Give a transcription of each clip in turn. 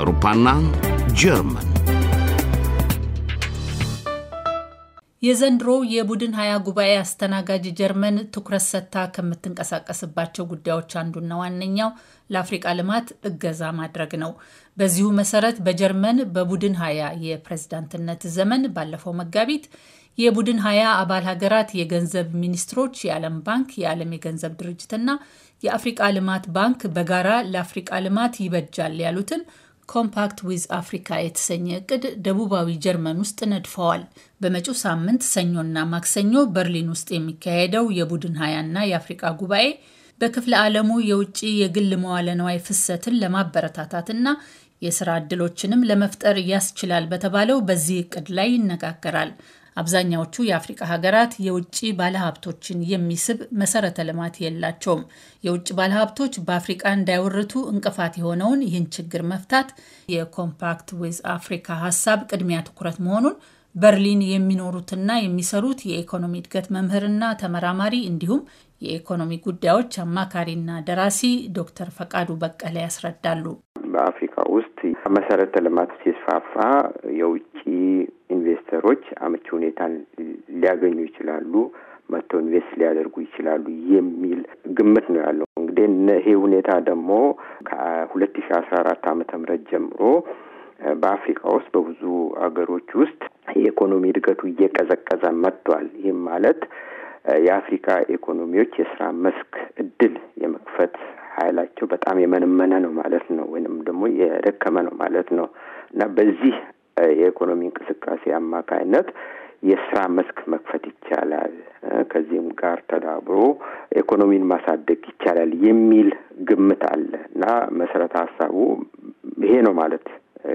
አውሮፓና ጀርመን የዘንድሮ የቡድን ሀያ ጉባኤ አስተናጋጅ ጀርመን ትኩረት ሰጥታ ከምትንቀሳቀስባቸው ጉዳዮች አንዱና ዋነኛው ለአፍሪቃ ልማት እገዛ ማድረግ ነው። በዚሁ መሰረት በጀርመን በቡድን ሀያ የፕሬዝዳንትነት ዘመን ባለፈው መጋቢት የቡድን ሀያ አባል ሀገራት የገንዘብ ሚኒስትሮች፣ የዓለም ባንክ፣ የዓለም የገንዘብ ድርጅትና የአፍሪቃ ልማት ባንክ በጋራ ለአፍሪቃ ልማት ይበጃል ያሉትን ኮምፓክት ዊዝ አፍሪካ የተሰኘ እቅድ ደቡባዊ ጀርመን ውስጥ ነድፈዋል። በመጪው ሳምንት ሰኞና ማክሰኞ በርሊን ውስጥ የሚካሄደው የቡድን ሀያና የአፍሪቃ ጉባኤ በክፍለ ዓለሙ የውጭ የግል መዋለ ነዋይ ፍሰትን ለማበረታታትና የስራ ዕድሎችንም ለመፍጠር ያስችላል በተባለው በዚህ እቅድ ላይ ይነጋገራል። አብዛኛዎቹ የአፍሪቃ ሀገራት የውጭ ባለሀብቶችን የሚስብ መሰረተ ልማት የላቸውም። የውጭ ባለሀብቶች በአፍሪቃ እንዳይወርቱ እንቅፋት የሆነውን ይህን ችግር መፍታት የኮምፓክት ዊዝ አፍሪካ ሀሳብ ቅድሚያ ትኩረት መሆኑን በርሊን የሚኖሩትና የሚሰሩት የኢኮኖሚ እድገት መምህርና ተመራማሪ እንዲሁም የኢኮኖሚ ጉዳዮች አማካሪና ደራሲ ዶክተር ፈቃዱ በቀለ ያስረዳሉ። በአፍሪካ ውስጥ መሰረተ ልማት ሲስፋፋ የውጭ ኢንቨስተሮች ሁኔታን ሊያገኙ ይችላሉ፣ መጥተው ኢንቨስት ሊያደርጉ ይችላሉ የሚል ግምት ነው ያለው። እንግዲህ ይሄ ሁኔታ ደግሞ ከሁለት ሺ አስራ አራት አመተ ምህረት ጀምሮ በአፍሪካ ውስጥ በብዙ ሀገሮች ውስጥ የኢኮኖሚ እድገቱ እየቀዘቀዘ መጥቷል። ይህም ማለት የአፍሪካ ኢኮኖሚዎች የስራ መስክ እድል የመክፈት ኃይላቸው በጣም የመነመነ ነው ማለት ነው፣ ወይንም ደግሞ የደከመ ነው ማለት ነው እና በዚህ የኢኮኖሚ እንቅስቃሴ አማካይነት የስራ መስክ መክፈት ይቻላል፣ ከዚህም ጋር ተዳብሮ ኢኮኖሚን ማሳደግ ይቻላል የሚል ግምት አለ እና መሰረተ ሀሳቡ ይሄ ነው ማለት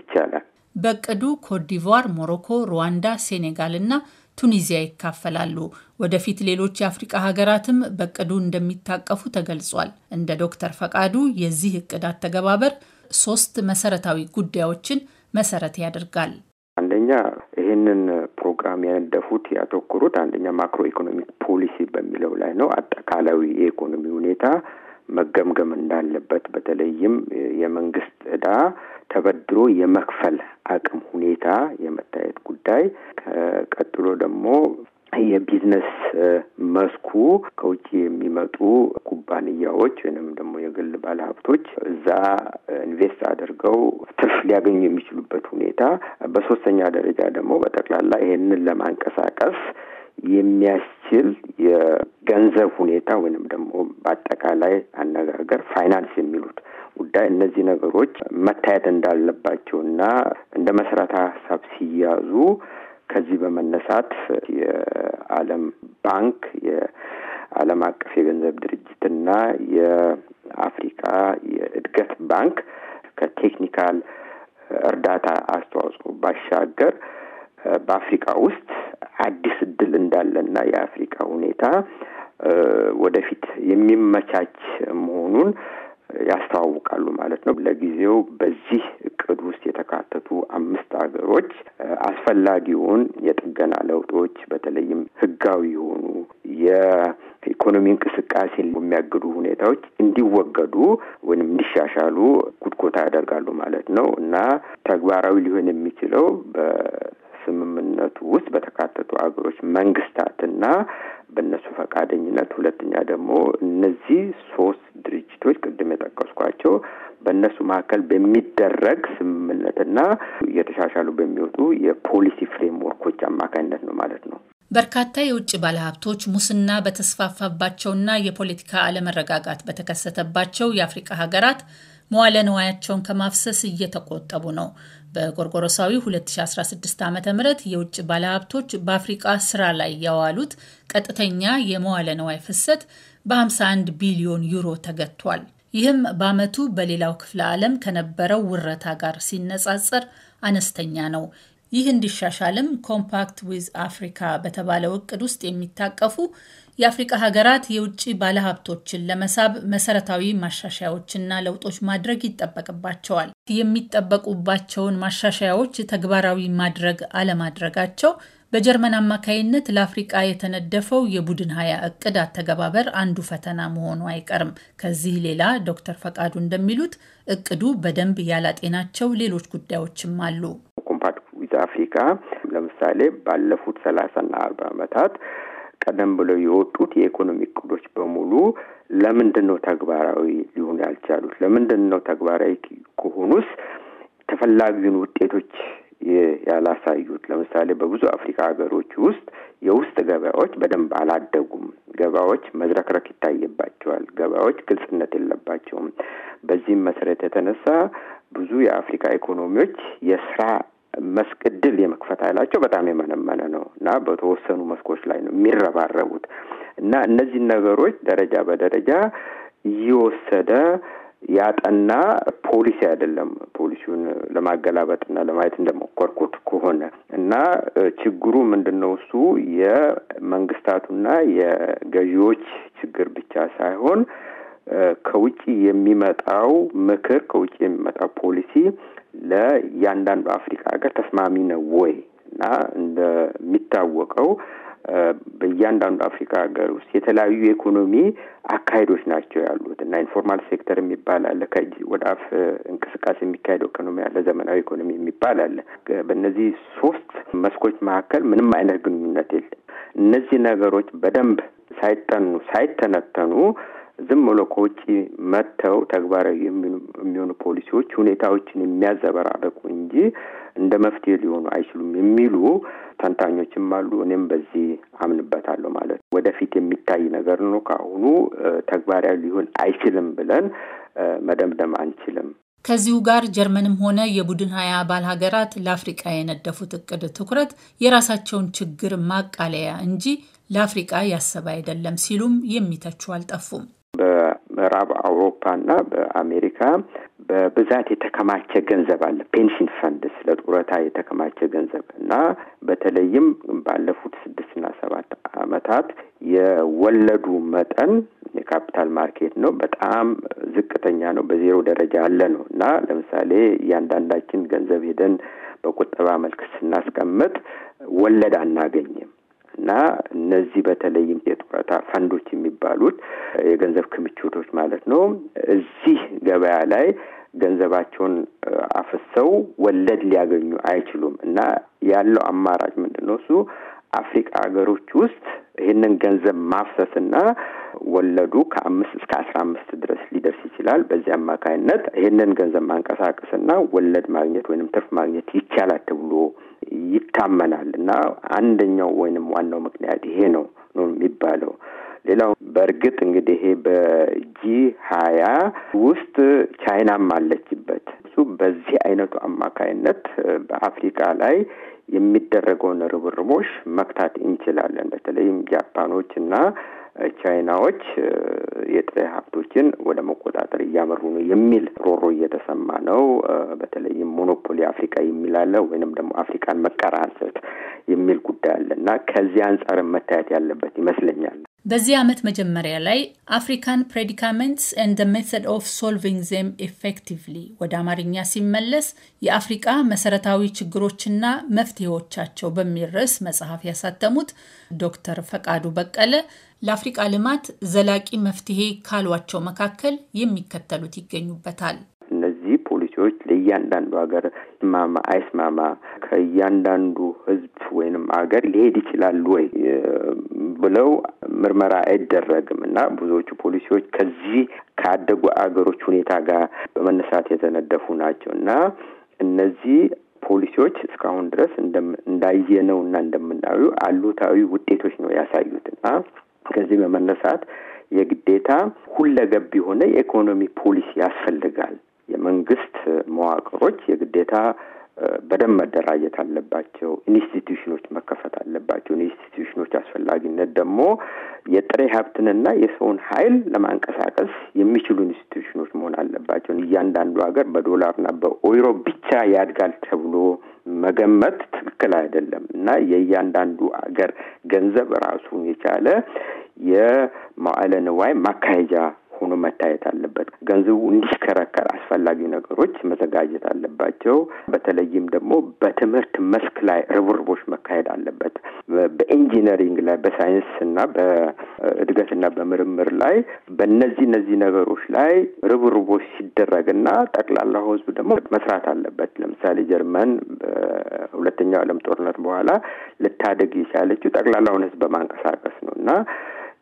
ይቻላል። በቅዱ ኮትዲቯር፣ ሞሮኮ፣ ሩዋንዳ፣ ሴኔጋል እና ቱኒዚያ ይካፈላሉ። ወደፊት ሌሎች የአፍሪቃ ሀገራትም በቅዱ እንደሚታቀፉ ተገልጿል። እንደ ዶክተር ፈቃዱ የዚህ እቅድ አተገባበር ሶስት መሰረታዊ ጉዳዮችን መሰረት ያደርጋል። አንደኛ ይህንን ወደፊት ያተኮሩት አንደኛ ማክሮ ኢኮኖሚክ ፖሊሲ በሚለው ላይ ነው። አጠቃላዊ የኢኮኖሚ ሁኔታ መገምገም እንዳለበት በተለይም የመንግስት እዳ ተበድሮ የመክፈል አቅም ሁኔታ የመታየት ጉዳይ ቀጥሎ ደግሞ የቢዝነስ መስኩ ከውጭ የሚመጡ ኩባንያዎች ወይም የግል ባለሀብቶች እዛ ኢንቨስት አድርገው ትርፍ ሊያገኙ የሚችሉበት ሁኔታ፣ በሶስተኛ ደረጃ ደግሞ በጠቅላላ ይሄንን ለማንቀሳቀስ የሚያስችል የገንዘብ ሁኔታ ወይንም ደግሞ በአጠቃላይ አነጋገር ፋይናንስ የሚሉት ጉዳይ እነዚህ ነገሮች መታየት እንዳለባቸውና እንደ መሰረተ ሀሳብ ሲያዙ ከዚህ በመነሳት የዓለም ባንክ የዓለም አቀፍ የገንዘብ ድርጅትና የአፍሪካ የእድገት ባንክ ከቴክኒካል እርዳታ አስተዋጽኦ ባሻገር በአፍሪካ ውስጥ አዲስ እድል እንዳለና የአፍሪካ ሁኔታ ወደፊት የሚመቻች መሆኑን ያስተዋውቃሉ ማለት ነው። ለጊዜው በዚህ እቅድ ውስጥ የተካተቱ አምስት ሀገሮች አስፈላጊውን የጥገና ለውጦች በተለይም ህጋዊ የሆኑ ኢኮኖሚ እንቅስቃሴ የሚያግዱ ሁኔታዎች እንዲወገዱ ወይም እንዲሻሻሉ ጉትጎታ ያደርጋሉ ማለት ነው እና ተግባራዊ ሊሆን የሚችለው በስምምነቱ ውስጥ በተካተቱ አገሮች መንግስታትና በእነሱ ፈቃደኝነት፣ ሁለተኛ ደግሞ እነዚህ ሶስት ድርጅቶች ቅድም የጠቀስኳቸው በእነሱ መካከል በሚደረግ ስምምነትና እየተሻሻሉ በሚወጡ የፖሊሲ ፍሬምወርኮች አማካኝነት ነው ማለት ነው። በርካታ የውጭ ባለሀብቶች ሙስና በተስፋፋባቸውና የፖለቲካ አለመረጋጋት በተከሰተባቸው የአፍሪቃ ሀገራት መዋለ ንዋያቸውን ከማፍሰስ እየተቆጠቡ ነው። በጎርጎሮሳዊ 2016 ዓ ም የውጭ ባለሀብቶች በአፍሪቃ ስራ ላይ ያዋሉት ቀጥተኛ የመዋለ ንዋይ ፍሰት በ51 ቢሊዮን ዩሮ ተገጥቷል። ይህም በአመቱ በሌላው ክፍለ ዓለም ከነበረው ውረታ ጋር ሲነጻጸር አነስተኛ ነው። ይህ እንዲሻሻልም ኮምፓክት ዊዝ አፍሪካ በተባለው እቅድ ውስጥ የሚታቀፉ የአፍሪቃ ሀገራት የውጭ ባለሀብቶችን ለመሳብ መሰረታዊ ማሻሻያዎችና ለውጦች ማድረግ ይጠበቅባቸዋል። የሚጠበቁባቸውን ማሻሻያዎች ተግባራዊ ማድረግ አለማድረጋቸው በጀርመን አማካይነት ለአፍሪቃ የተነደፈው የቡድን ሀያ እቅድ አተገባበር አንዱ ፈተና መሆኑ አይቀርም። ከዚህ ሌላ ዶክተር ፈቃዱ እንደሚሉት እቅዱ በደንብ ያላጤናቸው ሌሎች ጉዳዮችም አሉ። አፍሪካ ለምሳሌ ባለፉት ሰላሳና አርባ ዓመታት ቀደም ብለው የወጡት የኢኮኖሚ እቅዶች በሙሉ ለምንድን ነው ተግባራዊ ሊሆኑ ያልቻሉት? ለምንድን ነው ተግባራዊ ከሆኑስ ተፈላጊውን ውጤቶች ያላሳዩት? ለምሳሌ በብዙ አፍሪካ ሀገሮች ውስጥ የውስጥ ገበያዎች በደንብ አላደጉም። ገበያዎች መዝረክረክ ይታይባቸዋል። ገበያዎች ግልጽነት የለባቸውም። በዚህም መሰረት የተነሳ ብዙ የአፍሪካ ኢኮኖሚዎች የስራ መስክ እድል የመክፈት ኃይላቸው በጣም የመነመነ ነው እና በተወሰኑ መስኮች ላይ ነው የሚረባረቡት እና እነዚህን ነገሮች ደረጃ በደረጃ እየወሰደ ያጠና ፖሊሲ አይደለም። ፖሊሲውን ለማገላበጥና ለማየት እንደመኮርኮት ከሆነ እና ችግሩ ምንድን ነው? እሱ የመንግስታቱና የገዢዎች ችግር ብቻ ሳይሆን ከውጭ የሚመጣው ምክር ከውጭ የሚመጣው ፖሊሲ ለእያንዳንዱ አፍሪካ ሀገር ተስማሚ ነው ወይ እና እንደሚታወቀው በእያንዳንዱ አፍሪካ ሀገር ውስጥ የተለያዩ የኢኮኖሚ አካሄዶች ናቸው ያሉት እና ኢንፎርማል ሴክተር የሚባል አለ፣ ከእጅ ወደ አፍ እንቅስቃሴ የሚካሄደው ኢኮኖሚ አለ፣ ዘመናዊ ኢኮኖሚ የሚባል አለ። በእነዚህ ሶስት መስኮች መካከል ምንም አይነት ግንኙነት የለም። እነዚህ ነገሮች በደንብ ሳይጠኑ ሳይተነተኑ ዝም ብሎ ከውጭ መጥተው ተግባራዊ የሚሆኑ ፖሊሲዎች ሁኔታዎችን የሚያዘበራረቁ እንጂ እንደ መፍትሄ ሊሆኑ አይችሉም የሚሉ ተንታኞችም አሉ። እኔም በዚህ አምንበታለሁ ማለት ወደፊት የሚታይ ነገር ነው። ከአሁኑ ተግባራዊ ሊሆን አይችልም ብለን መደምደም አንችልም። ከዚሁ ጋር ጀርመንም ሆነ የቡድን ሀያ አባል ሀገራት ለአፍሪቃ የነደፉት እቅድ ትኩረት የራሳቸውን ችግር ማቃለያ እንጂ ለአፍሪቃ ያሰበ አይደለም ሲሉም የሚተቹ አልጠፉም። በምዕራብ አውሮፓና በአሜሪካ በብዛት የተከማቸ ገንዘብ አለ። ፔንሽን ስለ ጡረታ የተከማቸ ገንዘብ እና በተለይም ባለፉት ስድስትና ሰባት ዓመታት የወለዱ መጠን የካፒታል ማርኬት ነው በጣም ዝቅተኛ ነው። በዜሮ ደረጃ ያለ ነው እና ለምሳሌ እያንዳንዳችን ገንዘብ ሄደን በቁጠባ መልክ ስናስቀምጥ ወለድ አናገኝም። እና እነዚህ በተለይም የጡረታ ፈንዶች የሚባሉት የገንዘብ ክምችቶች ማለት ነው እዚህ ገበያ ላይ ገንዘባቸውን አፍሰው ወለድ ሊያገኙ አይችሉም እና ያለው አማራጭ ምንድን ነው? እሱ አፍሪቃ ሀገሮች ውስጥ ይህንን ገንዘብ ማፍሰስና ወለዱ ከአምስት እስከ አስራ አምስት ድረስ ሊደርስ ይችላል። በዚህ አማካይነት ይህንን ገንዘብ ማንቀሳቀስና ወለድ ማግኘት ወይንም ትርፍ ማግኘት ይቻላል ተብሎ ይታመናል እና አንደኛው ወይንም ዋናው ምክንያት ይሄ ነው ነው የሚባለው። ሌላው በእርግጥ እንግዲህ ይሄ በጂ ሀያ ውስጥ ቻይናም አለችበት። እሱ በዚህ አይነቱ አማካይነት በአፍሪካ ላይ የሚደረገውን ርብርቦች መክታት እንችላለን። በተለይም ጃፓኖች እና ቻይናዎች የጥሬ ሀብቶችን ወደ መቆጣጠር እያመሩ ነው የሚል ሮሮ እየተሰማ ነው። በተለይም ሞኖፖሊ አፍሪካ የሚል አለ፣ ወይንም ደግሞ አፍሪካን መቀራረት የሚል ጉዳይ አለ እና ከዚህ አንጻር መታየት ያለበት ይመስለኛል። በዚህ ዓመት መጀመሪያ ላይ አፍሪካን ፕሬዲካመንትስ ኤንድ ሜተድ ኦፍ ሶልቪንግ ዜም ኤፌክቲቭሊ ወደ አማርኛ ሲመለስ የአፍሪቃ መሰረታዊ ችግሮችና መፍትሄዎቻቸው በሚል ርዕስ መጽሐፍ ያሳተሙት ዶክተር ፈቃዱ በቀለ ለአፍሪቃ ልማት ዘላቂ መፍትሄ ካሏቸው መካከል የሚከተሉት ይገኙበታል። እነዚህ ፖሊሲዎች ለእያንዳንዱ ሀገር ይስማማ አይስማማ ከእያንዳንዱ ህዝብ ወይንም ሀገር ሊሄድ ይችላሉ ወይ ብለው ምርመራ አይደረግም እና ብዙዎቹ ፖሊሲዎች ከዚህ ካደጉ አገሮች ሁኔታ ጋር በመነሳት የተነደፉ ናቸው እና እነዚህ ፖሊሲዎች እስካሁን ድረስ እንዳየነው እና እንደምናዩ አሉታዊ ውጤቶች ነው ያሳዩት እና ከዚህ በመነሳት የግዴታ ሁለገብ የሆነ የኢኮኖሚ ፖሊሲ ያስፈልጋል። የመንግስት መዋቅሮች የግዴታ በደንብ መደራጀት አለባቸው። ኢንስቲትዩሽኖች ማለት ደግሞ የጥሬ ሀብትንና የሰውን ኃይል ለማንቀሳቀስ የሚችሉ ኢንስቲቱሽኖች መሆን አለባቸውን። እያንዳንዱ ሀገር በዶላርና በኦይሮ ብቻ ያድጋል ተብሎ መገመት ትክክል አይደለም እና የእያንዳንዱ ሀገር ገንዘብ ራሱን የቻለ የማዕለ ንዋይ ማካሄጃ ሆኖ መታየት አለበት። ገንዘቡ እንዲሽከረከር አስፈላጊ ነገሮች መዘጋጀት አለባቸው። በተለይም ደግሞ በትምህርት መስክ ላይ ርብርቦች መካሄድ አለበት። በኢንጂነሪንግ ላይ፣ በሳይንስ እና በእድገትና በምርምር ላይ በነዚህ እነዚህ ነገሮች ላይ ርብርቦች ሲደረግና ጠቅላላው ህዝብ ደግሞ መስራት አለበት። ለምሳሌ ጀርመን በሁለተኛው ዓለም ጦርነት በኋላ ልታደግ የቻለችው ጠቅላላውን ህዝብ በማንቀሳቀስ ነው እና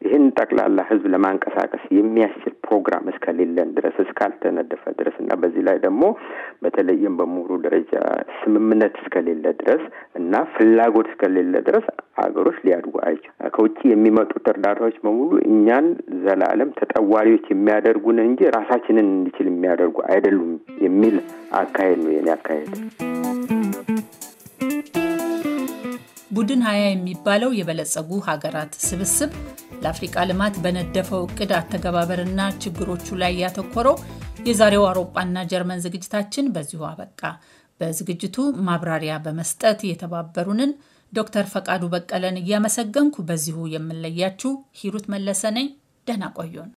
ይህን ጠቅላላ ህዝብ ለማንቀሳቀስ የሚያስችል ፕሮግራም እስከሌለን ድረስ እስካልተነደፈ ድረስ እና በዚህ ላይ ደግሞ በተለይም በምሁሩ ደረጃ ስምምነት እስከሌለ ድረስ እና ፍላጎት እስከሌለ ድረስ አገሮች ሊያድጉ አይችል። ከውጭ የሚመጡት እርዳታዎች በሙሉ እኛን ዘላለም ተጠዋሪዎች የሚያደርጉን እንጂ ራሳችንን እንዲችል የሚያደርጉ አይደሉም የሚል አካሄድ ነው የኔ አካሄድ። ቡድን ሀያ የሚባለው የበለጸጉ ሀገራት ስብስብ ለአፍሪቃ ልማት በነደፈው እቅድ አተገባበርና ችግሮቹ ላይ ያተኮረው የዛሬው አውሮጳና ጀርመን ዝግጅታችን በዚሁ አበቃ። በዝግጅቱ ማብራሪያ በመስጠት የተባበሩንን ዶክተር ፈቃዱ በቀለን እያመሰገንኩ በዚሁ የምለያችሁ ሂሩት መለሰ ነኝ። ደህና ቆዩን።